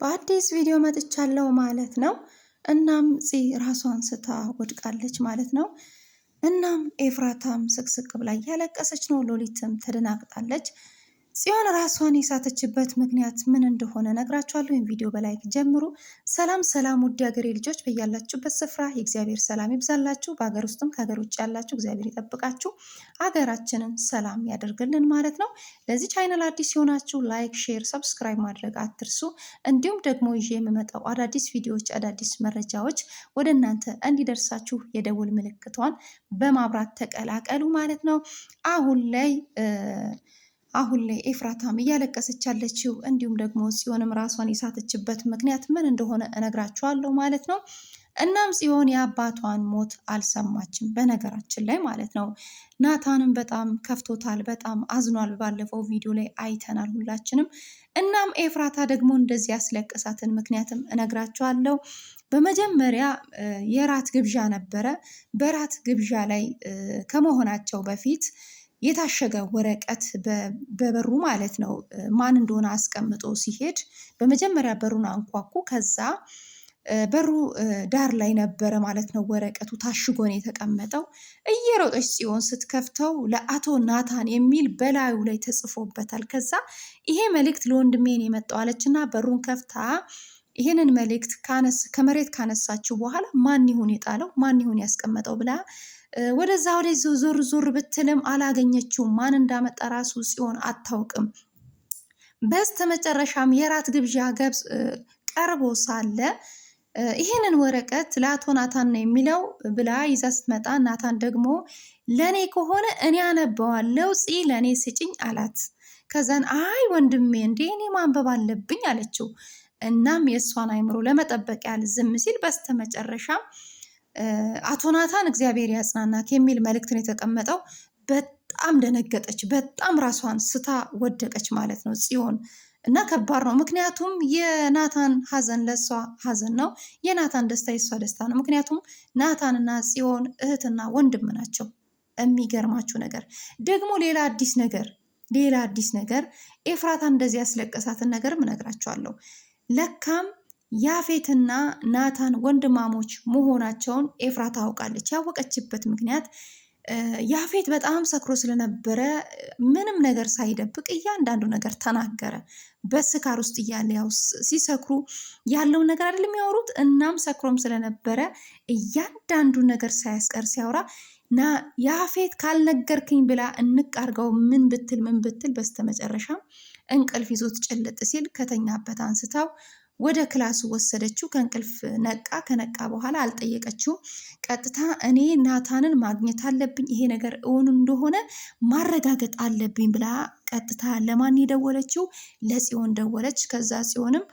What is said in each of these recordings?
በአዲስ ቪዲዮ መጥቻለሁ ማለት ነው። እናም ፂ ራሷን ስታ ወድቃለች ማለት ነው። እናም ኤፍራታም ስቅስቅ ብላ እያለቀሰች ነው። ሎሊትም ተደናግጣለች። ጽዮን ራሷን የሳተችበት ምክንያት ምን እንደሆነ ነግራችኋለሁ። ወይም ቪዲዮ በላይክ ጀምሩ። ሰላም ሰላም፣ ውድ ሀገሬ ልጆች በያላችሁበት ስፍራ የእግዚአብሔር ሰላም ይብዛላችሁ። በሀገር ውስጥም ከሀገር ውጭ ያላችሁ እግዚአብሔር ይጠብቃችሁ፣ ሀገራችንን ሰላም ያደርግልን ማለት ነው። ለዚህ ቻይናል አዲስ ሲሆናችሁ ላይክ፣ ሼር፣ ሰብስክራይብ ማድረግ አትርሱ። እንዲሁም ደግሞ ይዤ የምመጣው አዳዲስ ቪዲዮዎች፣ አዳዲስ መረጃዎች ወደ እናንተ እንዲደርሳችሁ የደውል ምልክቷን በማብራት ተቀላቀሉ ማለት ነው። አሁን ላይ አሁን ላይ ኤፍራታም እያለቀሰች ያለችው እንዲሁም ደግሞ ጽዮንም ራሷን የሳተችበት ምክንያት ምን እንደሆነ እነግራችኋለሁ ማለት ነው። እናም ጽዮን የአባቷን ሞት አልሰማችም፣ በነገራችን ላይ ማለት ነው። ናታንም በጣም ከፍቶታል፣ በጣም አዝኗል። ባለፈው ቪዲዮ ላይ አይተናል ሁላችንም። እናም ኤፍራታ ደግሞ እንደዚህ ያስለቀሳትን ምክንያትም እነግራችኋለሁ። በመጀመሪያ የራት ግብዣ ነበረ። በራት ግብዣ ላይ ከመሆናቸው በፊት የታሸገ ወረቀት በበሩ ማለት ነው ማን እንደሆነ አስቀምጦ ሲሄድ በመጀመሪያ በሩን አንኳኩ። ከዛ በሩ ዳር ላይ ነበረ ማለት ነው ወረቀቱ ታሽጎ ነው የተቀመጠው። እየሮጠች ጽዮን ስትከፍተው ለአቶ ናታን የሚል በላዩ ላይ ተጽፎበታል። ከዛ ይሄ መልእክት ለወንድሜን የመጣው እና በሩን ከፍታ ይህንን መልእክት ከመሬት ካነሳችው በኋላ ማን ይሁን የጣለው ማን ይሁን ያስቀመጠው ብላ ወደዛ ወደ ዞር ዞር ብትልም አላገኘችውም። ማን እንዳመጣ ራሱ ጽዮን አታውቅም። በስተ መጨረሻም የራት ግብዣ ገብስ ቀርቦ ሳለ ይህንን ወረቀት ለአቶ ናታን ነው የሚለው ብላ ይዛ ስትመጣ ናታን ደግሞ ለእኔ ከሆነ እኔ አነበዋለሁ ፅ ለእኔ ስጭኝ አላት። ከዛን አይ ወንድሜ እንዴ እኔ ማንበብ አለብኝ አለችው። እናም የእሷን አይምሮ ለመጠበቅ ያህል ዝም ሲል በስተመጨረሻ አቶ ናታን እግዚአብሔር ያጽናናክ የሚል መልእክትን የተቀመጠው በጣም ደነገጠች። በጣም ራሷን ስታ ወደቀች ማለት ነው ጽዮን እና ከባድ ነው። ምክንያቱም የናታን ሀዘን ለእሷ ሀዘን ነው፣ የናታን ደስታ የእሷ ደስታ ነው። ምክንያቱም ናታንና ጽዮን እህትና ወንድም ናቸው። የሚገርማችሁ ነገር ደግሞ ሌላ አዲስ ነገር ሌላ አዲስ ነገር ኤፍራታ እንደዚህ ያስለቀሳትን ነገርም እነግራችኋለሁ። ለካም ያፌትና ናታን ወንድማሞች መሆናቸውን ኤፍራ ታውቃለች። ያወቀችበት ምክንያት ያፌት በጣም ሰክሮ ስለነበረ ምንም ነገር ሳይደብቅ እያንዳንዱ ነገር ተናገረ። በስካር ውስጥ እያለ ያው ሲሰክሩ ያለውን ነገር አይደል የሚያወሩት። እናም ሰክሮም ስለነበረ እያንዳንዱ ነገር ሳያስቀር ሲያወራ ና ያፌት ካልነገርክኝ ብላ እንቃርገው ምን ብትል ምን ብትል በስተመጨረሻም እንቅልፍ ይዞት ጭልጥ ሲል ከተኛበት አንስታው ወደ ክላሱ ወሰደችው። ከእንቅልፍ ነቃ። ከነቃ በኋላ አልጠየቀችውም። ቀጥታ እኔ ናታንን ማግኘት አለብኝ፣ ይሄ ነገር እውን እንደሆነ ማረጋገጥ አለብኝ ብላ ቀጥታ ለማን የደወለችው? ለጽዮን ደወለች። ከዛ ጽዮንም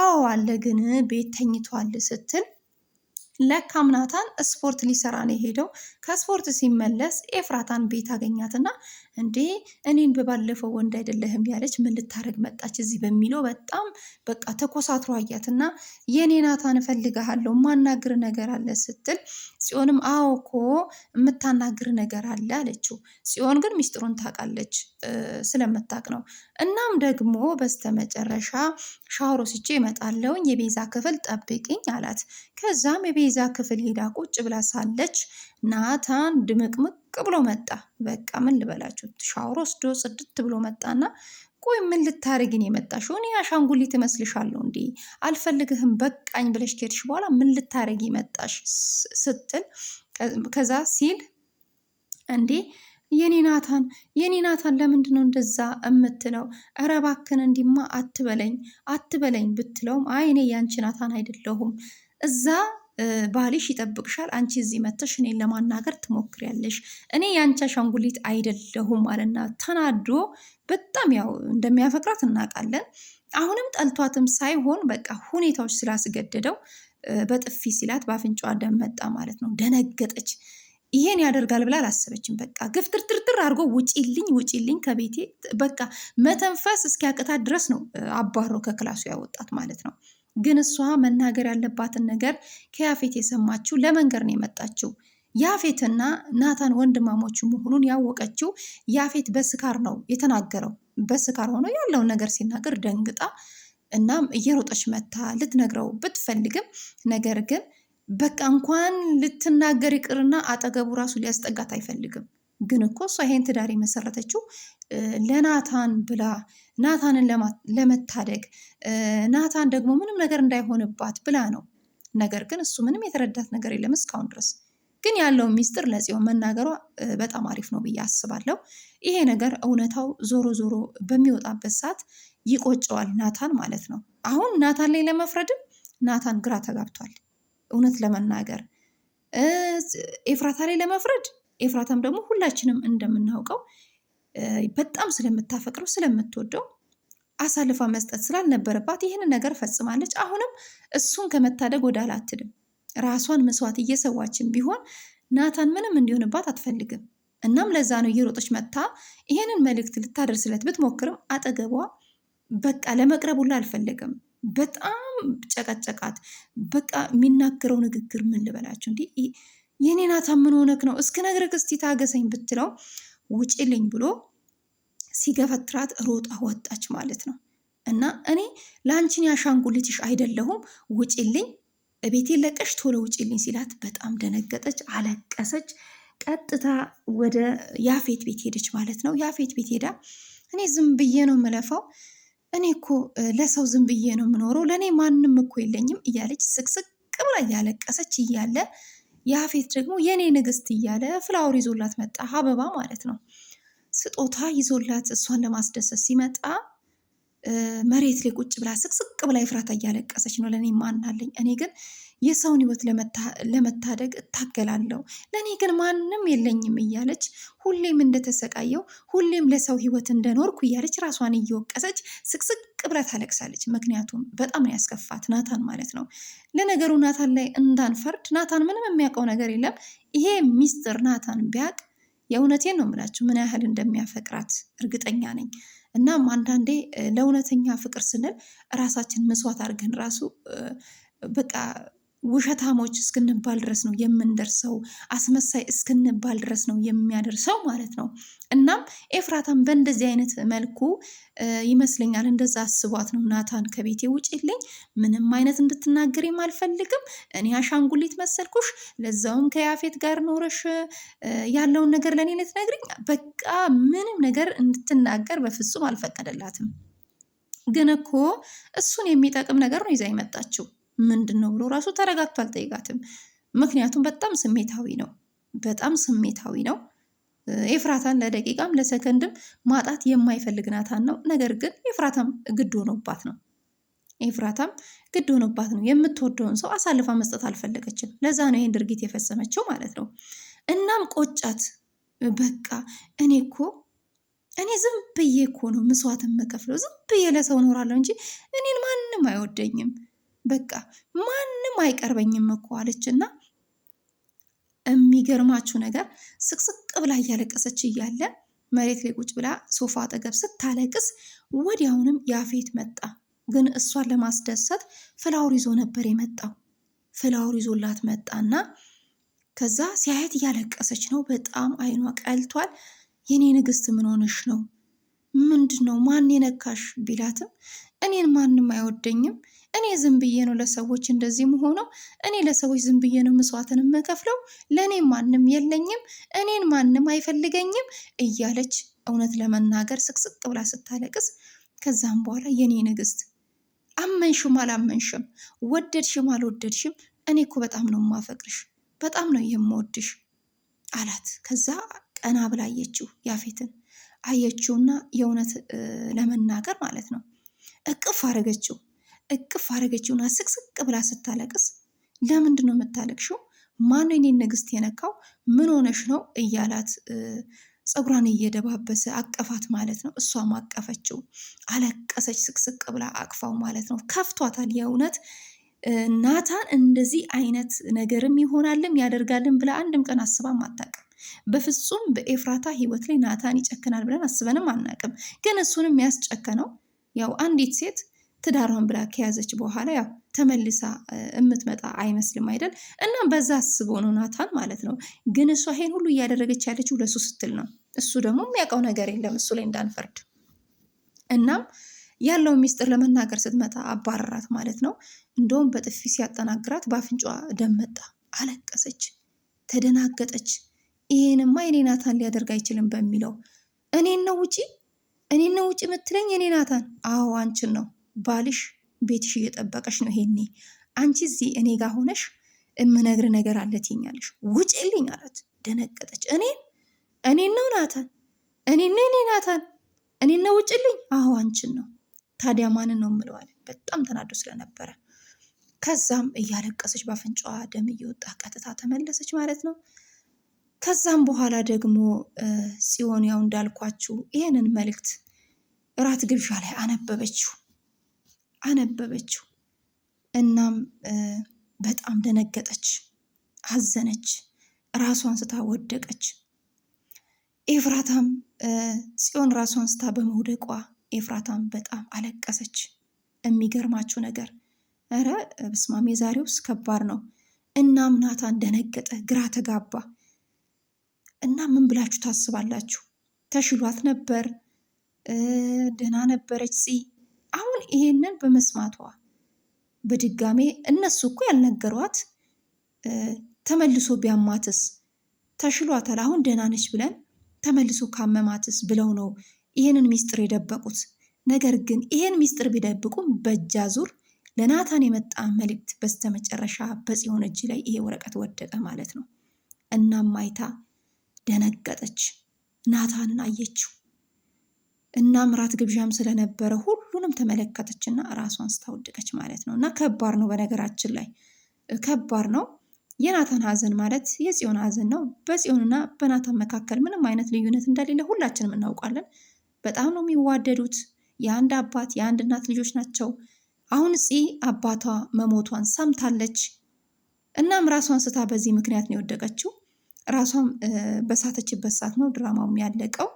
አዎ አለ፣ ግን ቤት ተኝቷል ስትል ለካም ናታን ስፖርት ሊሰራ ነው የሄደው ከስፖርት ሲመለስ ኤፍራታን ቤት አገኛትና እንዴ እኔን በባለፈው ወንድ አይደለህም ያለች ምን ልታደርግ መጣች እዚህ በሚለው በጣም በቃ ተኮሳትሮ አያትና የኔ ናታን እፈልግሃለሁ ማናግር ነገር አለ ስትል ጽዮንም አዎ እኮ የምታናግር ነገር አለ አለችው። ጽዮን ግን ሚስጥሩን ታውቃለች ስለምታቅ ነው። እናም ደግሞ በስተመጨረሻ ሻወር ወስጄ እመጣለሁኝ የቤዛ ክፍል ጠብቅኝ አላት። ከዛም የቤዛ ክፍል ሄዳ ቁጭ ብላ ሳለች ና ናታን ድምቅምቅ ብሎ መጣ። በቃ ምን ልበላችሁ፣ ሻወር ወስዶ ጽድት ብሎ መጣና ቆይ ምን ልታረጊን የመጣሽው? እኔ አሻንጉሊት እመስልሻለሁ እንዴ? አልፈልግህም በቃኝ ብለሽ ከሄድሽ በኋላ ምን ልታረጊ መጣሽ? ስትል ከዛ ሲል እንዴ የኔ ናታን የኔ ናታን ለምንድን ነው እንደዛ እምትለው? እረ እባክን እንዲማ አትበለኝ አትበለኝ ብትለውም አይ እኔ ያንቺ ናታን አይደለሁም እዛ ባልሽ ይጠብቅሻል። አንቺ እዚህ መተሽ እኔን ለማናገር ትሞክሪያለሽ። እኔ የአንቺ አሻንጉሊት አይደለሁም አለና ተናዶ በጣም ያው እንደሚያፈቅራት እናውቃለን። አሁንም ጠልቷትም ሳይሆን በቃ ሁኔታዎች ስላስገደደው በጥፊ ሲላት በአፍንጫዋ ደም መጣ ማለት ነው። ደነገጠች። ይሄን ያደርጋል ብላ አላሰበችም። በቃ ግፍትርትርትር አድርጎ ውጪልኝ፣ ውጪልኝ ከቤቴ በቃ መተንፈስ እስኪያቅታት ድረስ ነው አባሮ ከክላሱ ያወጣት ማለት ነው። ግን እሷ መናገር ያለባትን ነገር ከያፌት የሰማችው ለመንገር ነው የመጣችው። ያፌትና ናታን ወንድማሞቹ መሆኑን ያወቀችው ያፌት በስካር ነው የተናገረው። በስካር ሆኖ ያለውን ነገር ሲናገር ደንግጣ፣ እናም እየሮጠች መታ ልትነግረው ብትፈልግም ነገር ግን በቃ እንኳን ልትናገር ይቅርና አጠገቡ ራሱ ሊያስጠጋት አይፈልግም። ግን እኮ እሷ ይሄን ትዳር የመሰረተችው ለናታን ብላ ናታንን ለመታደግ ናታን ደግሞ ምንም ነገር እንዳይሆንባት ብላ ነው። ነገር ግን እሱ ምንም የተረዳት ነገር የለም እስካሁን ድረስ። ግን ያለውን ሚስጥር ለጽዮን መናገሯ በጣም አሪፍ ነው ብዬ አስባለሁ። ይሄ ነገር እውነታው ዞሮ ዞሮ በሚወጣበት ሰዓት ይቆጨዋል ናታን ማለት ነው። አሁን ናታን ላይ ለመፍረድም ናታን ግራ ተጋብቷል እውነት ለመናገር ኤፍራታ ላይ ለመፍረድ ኤፍራታም ደግሞ ሁላችንም እንደምናውቀው በጣም ስለምታፈቅረው ስለምትወደው አሳልፋ መስጠት ስላልነበረባት ይህንን ነገር ፈጽማለች። አሁንም እሱን ከመታደግ ወደ ኋላ አትልም። ራሷን መስዋዕት እየሰዋችን ቢሆን ናታን ምንም እንዲሆንባት አትፈልግም። እናም ለዛ ነው እየሮጠች መታ ይህንን መልእክት ልታደርስለት ብትሞክርም አጠገቧ በቃ ለመቅረብ ሁላ አልፈለገም። በጣም ጨቀጨቃት። በቃ የሚናገረው ንግግር ምን ልበላቸው እንዲህ የኔ ናታን ምን ሆነክ ነው እስክ ነግረክ እስቲ ታገሰኝ ብትለው ውጪልኝ ብሎ ሲገፈትራት ሮጣ ወጣች ማለት ነው። እና እኔ ለአንቺን ያሻንጉልትሽ አይደለሁም ውጪልኝ፣ ቤቴን ለቀሽ ቶሎ ውጪልኝ ሲላት በጣም ደነገጠች፣ አለቀሰች። ቀጥታ ወደ ያፌት ቤት ሄደች ማለት ነው። ያፌት ቤት ሄዳ እኔ ዝም ብዬ ነው የምለፋው፣ እኔ እኮ ለሰው ዝም ብዬ ነው የምኖረው፣ ለእኔ ማንም እኮ የለኝም እያለች ስቅስቅ ብላ እያለቀሰች እያለ ያፌት ደግሞ የእኔ ንግስት እያለ ፍላወር ይዞላት መጣ፣ አበባ ማለት ነው። ስጦታ ይዞላት እሷን ለማስደሰት ሲመጣ መሬት ላይ ቁጭ ብላ ስቅስቅ ብላ ይፍራታ እያለቀሰች ነው። ለእኔ ማናለኝ እኔ ግን የሰውን ህይወት ለመታደግ እታገላለሁ፣ ለእኔ ግን ማንም የለኝም እያለች ሁሌም እንደተሰቃየው ሁሌም ለሰው ህይወት እንደኖርኩ እያለች ራሷን እየወቀሰች ስቅስቅ ብላ ታለቅሳለች። ምክንያቱም በጣም ያስከፋት ናታን ማለት ነው። ለነገሩ ናታን ላይ እንዳንፈርድ፣ ናታን ምንም የሚያውቀው ነገር የለም። ይሄ ሚስጥር ናታን ቢያቅ የእውነቴን ነው የምላችሁ ምን ያህል እንደሚያፈቅራት እርግጠኛ ነኝ። እናም አንዳንዴ ለእውነተኛ ፍቅር ስንል ራሳችን መስዋዕት አድርገን ራሱ በቃ ውሸታሞች እስክንባል ድረስ ነው የምንደርሰው፣ አስመሳይ እስክንባል ድረስ ነው የሚያደርሰው ማለት ነው። እናም ኤፍራታም በእንደዚህ አይነት መልኩ ይመስለኛል እንደዛ አስቧት ነው ናታን ከቤቴ ውጪልኝ፣ ምንም አይነት እንድትናገሪም አልፈልግም፣ እኔ አሻንጉሊት መሰልኩሽ፣ ለዛውም ከያፌት ጋር ኖረሽ ያለውን ነገር ለእኔ ልትነግርኝ፣ በቃ ምንም ነገር እንድትናገር በፍጹም አልፈቀደላትም። ግን እኮ እሱን የሚጠቅም ነገር ነው ይዛ የመጣችው ምንድን ነው ብሎ ራሱ ተረጋግቶ አልጠይቃትም። ምክንያቱም በጣም ስሜታዊ ነው፣ በጣም ስሜታዊ ነው። ኤፍራታን ለደቂቃም ለሰከንድም ማጣት የማይፈልግ ናታን ነው። ነገር ግን ኤፍራታም ግድ ሆኖባት ነው ኤፍራታም ግድ ሆኖባት ነው። የምትወደውን ሰው አሳልፋ መስጠት አልፈለገችም። ለዛ ነው ይህን ድርጊት የፈጸመችው ማለት ነው። እናም ቆጫት። በቃ እኔ እኮ እኔ ዝም ብዬ እኮ ነው ምስዋት የምከፍለው። ዝም ብዬ ለሰው እኖራለሁ እንጂ እኔን ማንም አይወደኝም። በቃ ማንም አይቀርበኝም እኮ አለችና የሚገርማችሁ ነገር ስቅስቅ ብላ እያለቀሰች እያለ መሬት ላይ ቁጭ ብላ ሶፋ አጠገብ ስታለቅስ ወዲያውንም ያፌት መጣ። ግን እሷን ለማስደሰት ፍላውር ይዞ ነበር የመጣው። ፍላውር ይዞላት መጣና ከዛ ሲያየት እያለቀሰች ነው። በጣም አይኗ ቀልቷል። የኔ ንግስት ምን ሆነሽ ነው? ምንድን ነው ማን የነካሽ? ቢላትም እኔን ማንም አይወደኝም። እኔ ዝም ብዬ ነው ለሰዎች እንደዚህ መሆነው። እኔ ለሰዎች ዝም ብዬ ነው መስዋዕትን የምከፍለው። ለእኔ ማንም የለኝም፣ እኔን ማንም አይፈልገኝም እያለች እውነት ለመናገር ስቅስቅ ብላ ስታለቅስ፣ ከዛም በኋላ የኔ ንግስት አመንሽም አላመንሽም፣ ወደድሽም አልወደድሽም እኔ እኮ በጣም ነው የማፈቅርሽ፣ በጣም ነው የምወድሽ አላት። ከዛ ቀና ብላ አየችው፣ ያፌትን አየችውና የእውነት ለመናገር ማለት ነው እቅፍ አረገችው። እቅፍ አረገችውና ስቅስቅ ብላ ስታለቅስ ለምንድን ነው የምታለቅሽው? ማን የኔን ንግስት የነካው? ምን ሆነሽ ነው? እያላት ፀጉሯን እየደባበሰ አቀፋት ማለት ነው። እሷም አቀፈችው። አለቀሰች ስቅስቅ ብላ አቅፋው ማለት ነው። ከፍቷታል የእውነት ናታን እንደዚህ አይነት ነገርም ይሆናልም ያደርጋልም ብላ አንድም ቀን አስባም አታውቅም። በፍጹም በኤፍራታ ህይወት ላይ ናታን ይጨክናል ብለን አስበንም አናውቅም። ግን እሱንም ያስጨከነው ያው አንዲት ሴት ትዳሯን ብላ ከያዘች በኋላ ያው ተመልሳ የምትመጣ አይመስልም አይደል? እናም በዛ አስቦ ነው ናታን ማለት ነው። ግን እሷ ይሄን ሁሉ እያደረገች ያለችው ለሱ ስትል ነው። እሱ ደግሞ የሚያውቀው ነገር የለም እሱ ላይ እንዳንፈርድ። እናም ያለውን ሚስጥር ለመናገር ስትመጣ አባረራት ማለት ነው። እንደውም በጥፊ ሲያጠናግራት በአፍንጫዋ ደመጣ አለቀሰች፣ ተደናገጠች። ይሄንማ የኔ ናታን ሊያደርግ አይችልም በሚለው እኔን ነው ውጪ እኔ ነው ውጭ የምትለኝ? እኔ ናታን? አዎ አንቺን ነው። ባልሽ ቤትሽ እየጠበቀሽ ነው። ይሄኔ አንቺ እዚህ እኔ ጋር ሆነሽ እምነግር ነገር አለ ትይኛለሽ። ልኝ አላት። ደነቀጠች። እኔ እኔ ነው ናታን? እኔ እኔ ናታን? እኔ ነው ልኝ? አዎ አንቺን ነው። ታዲያ ማንን ነው ምለዋል? በጣም ተናዶ ስለነበረ ከዛም እያለቀሰች በአፍንጫዋ ደም እየወጣ ቀጥታ ተመለሰች ማለት ነው። ከዛም በኋላ ደግሞ ጽዮን ያው እንዳልኳችሁ ይህንን መልእክት እራት ግብዣ ላይ አነበበችው አነበበችው። እናም በጣም ደነገጠች፣ አዘነች፣ ራሷን ስታ ወደቀች። ኤፍራታም ጽዮን ራሷን ስታ በመውደቋ ኤፍራታም በጣም አለቀሰች። የሚገርማችሁ ነገር ኧረ በስመ አብ የዛሬውስ ከባድ ነው። እናም ናታን ደነገጠ፣ ግራ ተጋባ። እና ምን ብላችሁ ታስባላችሁ? ተሽሏት ነበር፣ ደህና ነበረች ፂ። አሁን ይሄንን በመስማቷ በድጋሜ እነሱ እኮ ያልነገሯት ተመልሶ ቢያማትስ ተሽሏታል፣ አሁን ደህና ነች ብለን ተመልሶ ካመማትስ ብለው ነው ይሄንን ሚስጥር የደበቁት። ነገር ግን ይሄን ሚስጥር ቢደብቁም በእጃ ዙር ለናታን የመጣ መልእክት በስተመጨረሻ በጽዮን እጅ ላይ ይሄ ወረቀት ወደቀ ማለት ነው። እናም ማይታ? ደነገጠች። ናታንን አየችው። እናም ራት ግብዣም ስለነበረ ሁሉንም ተመለከተችና ራሷን ስታወደቀች ማለት ነው። እና ከባድ ነው፣ በነገራችን ላይ ከባድ ነው። የናታን ሐዘን ማለት የጽዮን ሐዘን ነው። በጽዮንና በናታን መካከል ምንም አይነት ልዩነት እንደሌለ ሁላችንም እናውቃለን። በጣም ነው የሚዋደዱት። የአንድ አባት የአንድ እናት ልጆች ናቸው። አሁን ጽ አባቷ መሞቷን ሰምታለች። እናም ራሷን ስታ በዚህ ምክንያት ነው የወደቀችው። ራሷም በሳተችበት ሰዓት ነው ድራማውም ያለቀው።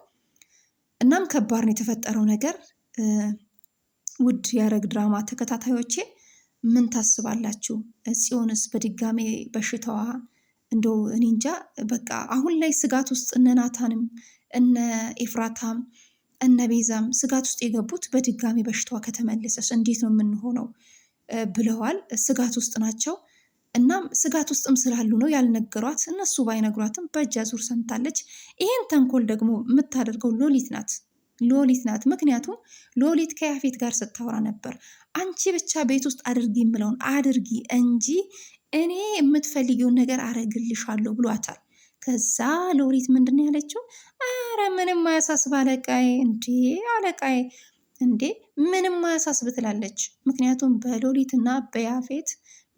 እናም ከባድ ነው የተፈጠረው ነገር። ውድ የሐረግ ድራማ ተከታታዮቼ ምን ታስባላችሁ? ጽዮንስ በድጋሜ በሽታዋ እንደው እኔ እንጃ በቃ አሁን ላይ ስጋት ውስጥ እነ ናታንም እነ ኤፍራታም እነ ቤዛም ስጋት ውስጥ የገቡት በድጋሚ በሽታዋ ከተመለሰች እንዴት ነው የምንሆነው ብለዋል። ስጋት ውስጥ ናቸው። እናም ስጋት ውስጥም ስላሉ ነው ያልነገሯት። እነሱ ባይነግሯትም በእጅ አዙር ሰምታለች። ይህን ተንኮል ደግሞ የምታደርገው ሎሊት ናት ሎሊት ናት። ምክንያቱም ሎሊት ከያፌት ጋር ስታወራ ነበር። አንቺ ብቻ ቤት ውስጥ አድርጊ የምለውን አድርጊ እንጂ እኔ የምትፈልጊውን ነገር አረግልሻለሁ ብሏታል። ከዛ ሎሊት ምንድን ነው ያለችው? አረ ምንም አያሳስብ አለቃዬ። እንዴ አለቃዬ እንዴ ምንም አያሳስብ ትላለች። ምክንያቱም በሎሊትና በያፌት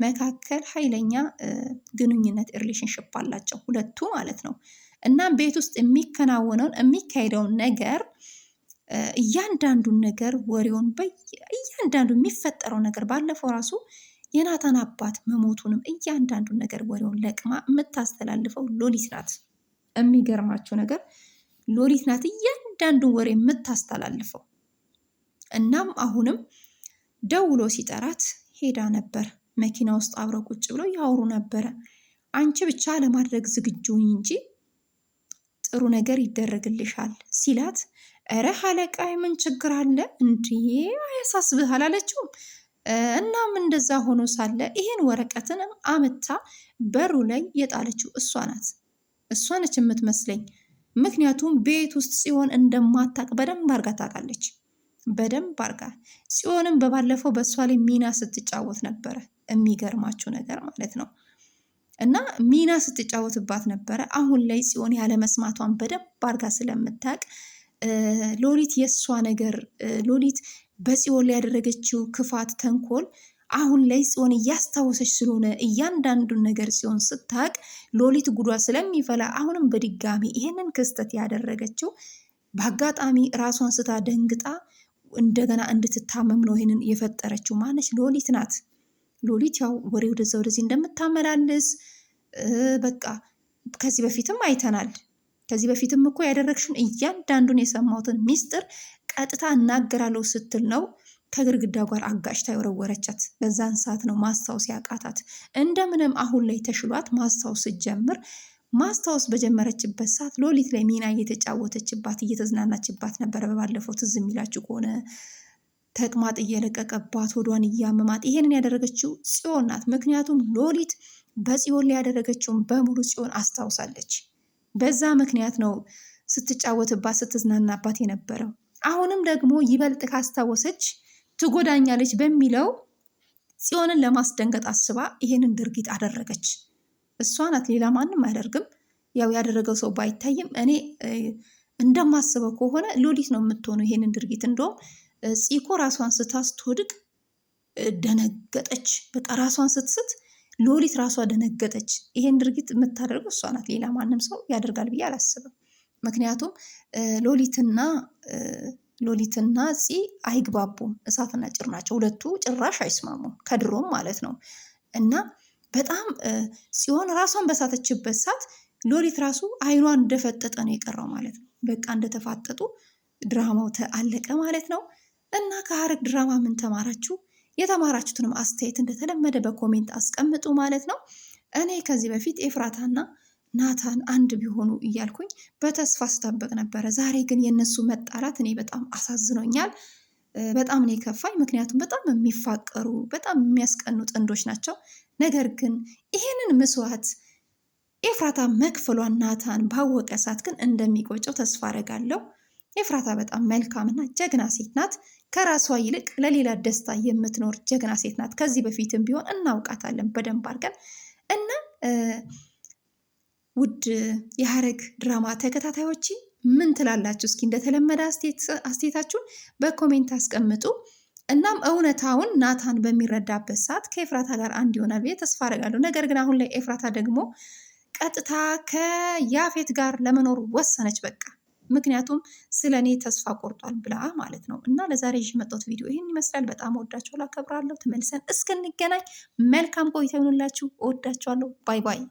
መካከል ኃይለኛ ግንኙነት ሪሌሽንሽፕ አላቸው ሁለቱ ማለት ነው። እና ቤት ውስጥ የሚከናወነውን የሚካሄደውን ነገር እያንዳንዱን ነገር ወሬውን እያንዳንዱ የሚፈጠረው ነገር ባለፈው ራሱ የናታን አባት መሞቱንም እያንዳንዱን ነገር ወሬውን ለቅማ የምታስተላልፈው ሎሊት ናት። የሚገርማችሁ ነገር ሎሊት ናት እያንዳንዱን ወሬ የምታስተላልፈው። እናም አሁንም ደውሎ ሲጠራት ሄዳ ነበር መኪና ውስጥ አብረው ቁጭ ብለው ያወሩ ነበረ። አንቺ ብቻ ለማድረግ ዝግጁ እንጂ ጥሩ ነገር ይደረግልሻል ሲላት፣ እረ አለቃ ምን ችግር አለ እንዴ አያሳስብህ አላለችውም። እናም እንደዛ ሆኖ ሳለ ይሄን ወረቀትንም አመታ በሩ ላይ የጣለችው እሷ ናት። እሷ ነች የምትመስለኝ፣ ምክንያቱም ቤት ውስጥ ሲሆን እንደማታቅ በደንብ አርጋ ታውቃለች። በደንብ አርጋ ጽዮንም በባለፈው በእሷ ላይ ሚና ስትጫወት ነበረ። የሚገርማችሁ ነገር ማለት ነው እና ሚና ስትጫወትባት ነበረ። አሁን ላይ ጽዮን ያለመስማቷን በደንብ አርጋ ስለምታውቅ ሎሊት የእሷ ነገር ሎሊት በጽዮን ላይ ያደረገችው ክፋት፣ ተንኮል አሁን ላይ ጽዮን እያስታወሰች ስለሆነ እያንዳንዱን ነገር ጽዮን ስታውቅ ሎሊት ጉዷ ስለሚፈላ አሁንም በድጋሚ ይሄንን ክስተት ያደረገችው በአጋጣሚ ራሷን ስታ ደንግጣ እንደገና እንድትታመም ነው ይህንን የፈጠረችው። ማነች? ሎሊት ናት። ሎሊት ያው ወሬ ወደዛ ወደዚህ እንደምታመላልስ በቃ ከዚህ በፊትም አይተናል። ከዚህ በፊትም እኮ ያደረግሽን እያንዳንዱን የሰማሁትን ሚስጥር ቀጥታ እናገራለሁ ስትል ነው ከግድግዳ ጋር አጋጭታ የወረወረቻት። በዛን ሰዓት ነው ማስታወስ ያቃታት። እንደምንም አሁን ላይ ተሽሏት ማስታወስ ስትጀምር ማስታወስ በጀመረችበት ሰዓት ሎሊት ላይ ሚና እየተጫወተችባት እየተዝናናችባት ነበረ። በባለፈው ትዝ የሚላችሁ ከሆነ ተቅማጥ እየለቀቀባት ሆዷን እያመማት ይሄንን ያደረገችው ጽዮን ናት። ምክንያቱም ሎሊት በጽዮን ላይ ያደረገችውን በሙሉ ጽዮን አስታውሳለች። በዛ ምክንያት ነው ስትጫወትባት ስትዝናናባት የነበረው። አሁንም ደግሞ ይበልጥ ካስታወሰች ትጎዳኛለች በሚለው ጽዮንን ለማስደንገጥ አስባ ይሄንን ድርጊት አደረገች። እሷ ናት፣ ሌላ ማንም አያደርግም። ያው ያደረገው ሰው ባይታይም እኔ እንደማስበው ከሆነ ሎሊት ነው የምትሆነው ይሄንን ድርጊት። እንደውም ፂኮ ራሷን ስታስትወድቅ ደነገጠች። በቃ ራሷን ስትስት ሎሊት ራሷ ደነገጠች። ይሄን ድርጊት የምታደርገው እሷ ናት፣ ሌላ ማንም ሰው ያደርጋል ብዬ አላስብም። ምክንያቱም ሎሊትና ሎሊትና ፂ አይግባቡም። እሳትና ጭር ናቸው ሁለቱ፣ ጭራሽ አይስማሙም ከድሮም ማለት ነው እና በጣም ሲሆን ራሷን በሳተችበት ሰዓት ሎሊት ራሱ አይኗን እንደፈጠጠ ነው የቀረው ማለት ነው። በቃ እንደተፋጠጡ ድራማው አለቀ ማለት ነው። እና ከሐረግ ድራማ ምን ተማራችሁ? የተማራችሁትንም አስተያየት እንደተለመደ በኮሜንት አስቀምጡ ማለት ነው። እኔ ከዚህ በፊት ኤፍራታና ናታን አንድ ቢሆኑ እያልኩኝ በተስፋ ስጠበቅ ነበረ። ዛሬ ግን የእነሱ መጣላት እኔ በጣም አሳዝኖኛል። በጣም ነው የከፋኝ። ምክንያቱም በጣም የሚፋቀሩ በጣም የሚያስቀኑ ጥንዶች ናቸው። ነገር ግን ይሄንን መስዋዕት ኤፍራታ መክፈሏን ናታን ባወቀ ሰዓት ግን እንደሚቆጨው ተስፋ አደርጋለሁ። ኤፍራታ በጣም መልካምና ጀግና ሴት ናት። ከራሷ ይልቅ ለሌላ ደስታ የምትኖር ጀግና ሴት ናት። ከዚህ በፊትም ቢሆን እናውቃታለን በደንብ አድርገን እና ውድ የሐረግ ድራማ ተከታታዮች ምን ትላላችሁ? እስኪ እንደተለመደ አስቴታችሁን በኮሜንት አስቀምጡ። እናም እውነታውን ናታን በሚረዳበት ሰዓት ከኤፍራታ ጋር አንድ ይሆናል ብዬ ተስፋ አደርጋለሁ። ነገር ግን አሁን ላይ ኤፍራታ ደግሞ ቀጥታ ከያፌት ጋር ለመኖር ወሰነች። በቃ ምክንያቱም ስለ እኔ ተስፋ ቆርጧል ብላ ማለት ነው። እና ለዛሬ ይዤ የመጣሁት ቪዲዮ ይህን ይመስላል። በጣም ወዳችኋለሁ፣ አከብራለሁ። ተመልሰን እስክንገናኝ መልካም ቆይታ ይሁንላችሁ። ወዳችኋለሁ። ባይ ባይ